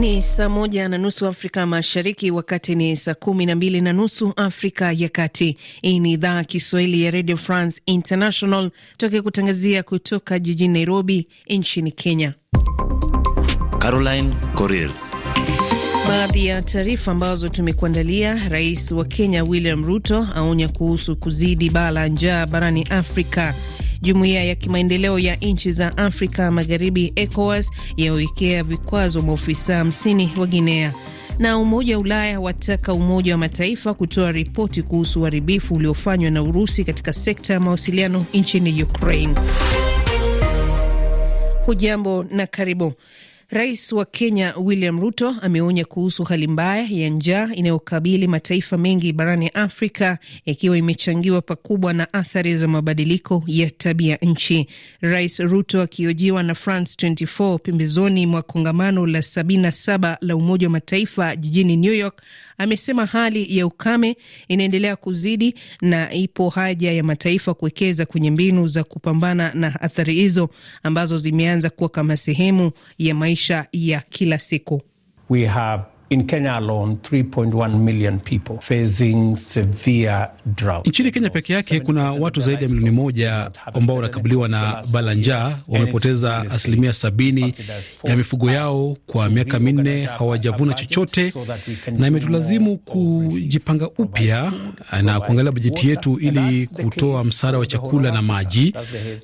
Ni saa moja na nusu Afrika Mashariki, wakati ni saa kumi na mbili na nusu Afrika ya Kati. Hii ni idhaa Kiswahili ya Radio France International, toke kutangazia kutoka jijini Nairobi nchini Kenya. Caroline Corel. Baadhi ya taarifa ambazo tumekuandalia: Rais wa Kenya William Ruto aonya kuhusu kuzidi baa la njaa barani Afrika. Jumuiya ya kimaendeleo ya nchi za Afrika Magharibi, ECOWAS, yawekea vikwazo maofisa hamsini wa Guinea na Umoja wa Ulaya wataka Umoja wa Mataifa kutoa ripoti kuhusu uharibifu uliofanywa na Urusi katika sekta ya mawasiliano nchini Ukraine. Hujambo na karibu. Rais wa Kenya William Ruto ameonya kuhusu hali mbaya ya njaa inayokabili mataifa mengi barani Afrika, ikiwa imechangiwa pakubwa na athari za mabadiliko ya tabia nchi. Rais Ruto akiojiwa na France 24 pembezoni mwa kongamano la 77 la Umoja wa Mataifa jijini New York amesema hali ya ukame inaendelea kuzidi na ipo haja ya mataifa kuwekeza kwenye mbinu za kupambana na athari hizo ambazo zimeanza kuwa kama sehemu ya maisha maisha ya kila siku. We have In Kenya alone, 3.1 million people facing severe drought. Nchini Kenya peke yake kuna watu zaidi ya milioni moja ambao wanakabiliwa na bala njaa, wamepoteza asilimia sabini ya mifugo yao kwa miaka minne, hawajavuna chochote, na imetulazimu kujipanga upya na kuangalia bajeti yetu ili kutoa msaada wa chakula na maji,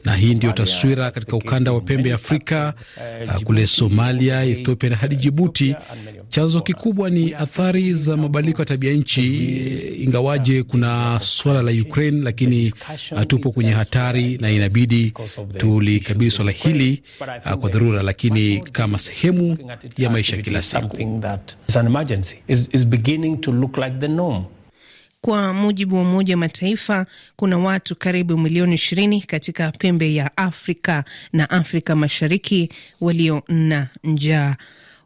na hii ndiyo taswira katika ukanda wa pembe ya Afrika kule Somalia, Ethiopia na hadi uh, Jibuti. Chanzo kubwa ni athari za mabadiliko ya tabia nchi, ingawaje kuna swala la Ukraine, lakini tupo kwenye hatari na inabidi tulikabili swala hili uh, kwa dharura, lakini kama sehemu ya maisha kila siku. Kwa mujibu wa Umoja wa Mataifa, kuna watu karibu milioni ishirini katika pembe ya Afrika na Afrika Mashariki walio na njaa.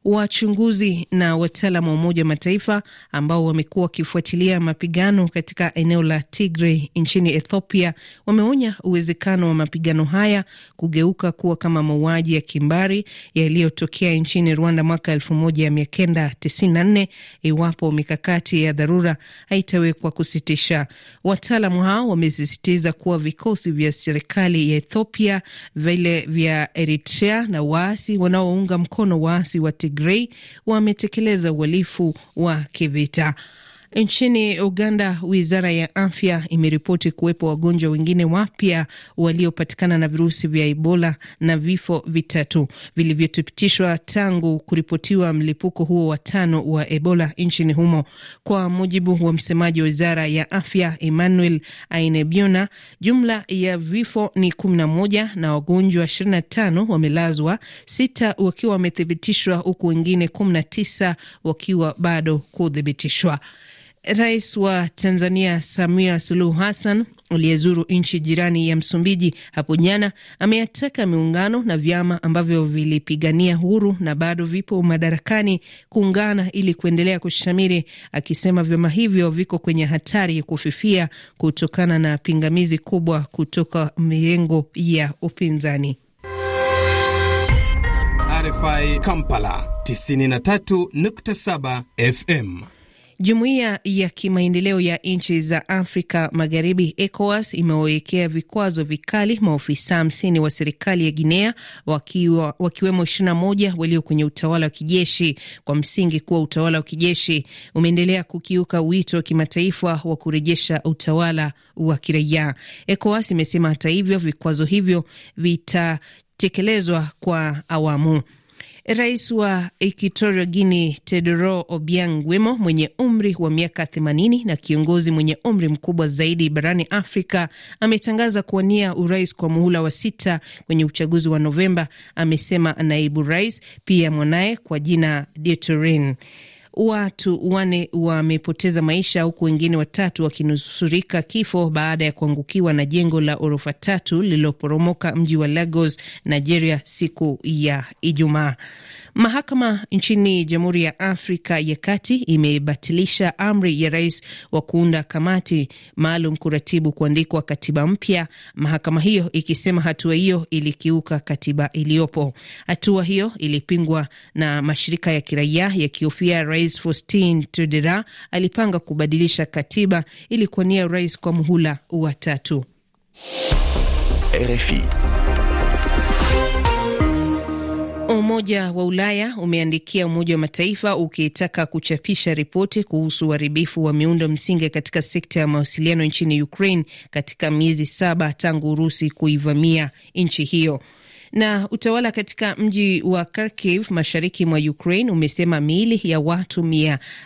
Wachunguzi na wataalam wa Umoja wa Mataifa ambao wamekuwa wakifuatilia mapigano katika eneo la Tigray nchini Ethiopia wameonya uwezekano wa mapigano haya kugeuka kuwa kama mauaji ya kimbari yaliyotokea nchini Rwanda mwaka 1994 iwapo mikakati ya dharura haitawekwa kusitisha. Wataalamu hao wamesisitiza kuwa vikosi vya serikali ya Ethiopia, vile vya Eritrea na waasi wanaounga mkono waasi wa Tigray wametekeleza uhalifu wa kivita. Nchini Uganda, wizara ya afya imeripoti kuwepo wagonjwa wengine wapya waliopatikana na virusi vya Ebola na vifo vitatu vilivyothibitishwa tangu kuripotiwa mlipuko huo wa tano wa Ebola nchini humo. Kwa mujibu wa msemaji wa wizara ya afya Emmanuel Ainebiona, jumla ya vifo ni 11 na wagonjwa 25 wamelazwa, sita wakiwa wamethibitishwa, huku wengine 19 wakiwa bado kuthibitishwa. Rais wa Tanzania Samia Suluhu Hassan aliyezuru nchi jirani ya Msumbiji hapo jana ameyataka miungano na vyama ambavyo vilipigania huru na bado vipo madarakani kuungana ili kuendelea kushamiri, akisema vyama hivyo viko kwenye hatari ya kufifia kutokana na pingamizi kubwa kutoka mirengo ya upinzani. RFI Kampala 93.7 FM. Jumuiya ya kimaendeleo ya nchi za Afrika Magharibi, ECOWAS, imewawekea vikwazo vikali maofisa hamsini wa serikali ya Guinea, wakiwemo wakiwemo moja walio kwenye utawala wa kijeshi kwa msingi kuwa utawala wa kijeshi umeendelea kukiuka wito wa kimataifa wa kurejesha utawala wa kiraia. ECOWAS imesema hata hivyo vikwazo hivyo vitatekelezwa kwa awamu. Rais wa Equatorio Guinea Tedoro Obiang Nguema mwenye umri wa miaka 80 na kiongozi mwenye umri mkubwa zaidi barani Afrika ametangaza kuwania urais kwa muhula wa sita kwenye uchaguzi wa Novemba, amesema naibu rais pia mwanaye kwa jina Deuterin watu wane wamepoteza maisha huku wengine watatu wakinusurika kifo baada ya kuangukiwa na jengo la orofa tatu lililoporomoka mji wa Lagos, Nigeria siku ya Ijumaa. Mahakama nchini Jamhuri ya Afrika ya Kati imebatilisha amri ya rais wa kuunda kamati maalum kuratibu kuandikwa katiba mpya, mahakama hiyo ikisema hatua hiyo ilikiuka katiba iliyopo. Hatua hiyo ilipingwa na mashirika ya kiraia yakihofia Rais Faustin Tudera alipanga kubadilisha katiba ili kuwania urais kwa muhula wa tatu. RFI Umoja wa Ulaya umeandikia Umoja wa Mataifa ukitaka kuchapisha ripoti kuhusu uharibifu wa miundo msingi katika sekta ya mawasiliano nchini Ukraine katika miezi saba tangu Urusi kuivamia nchi hiyo. Na utawala katika mji wa Kharkiv mashariki mwa Ukraine umesema miili ya watu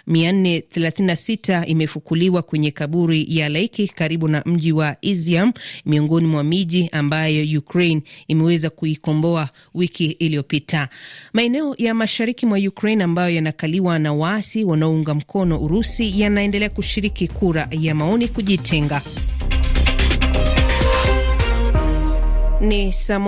436 imefukuliwa kwenye kaburi ya laiki karibu na mji wa Izium, miongoni mwa miji ambayo Ukraine imeweza kuikomboa wiki iliyopita. Maeneo ya mashariki mwa Ukraine ambayo yanakaliwa na waasi wanaounga mkono Urusi yanaendelea kushiriki kura ya maoni kujitenga. Ni saa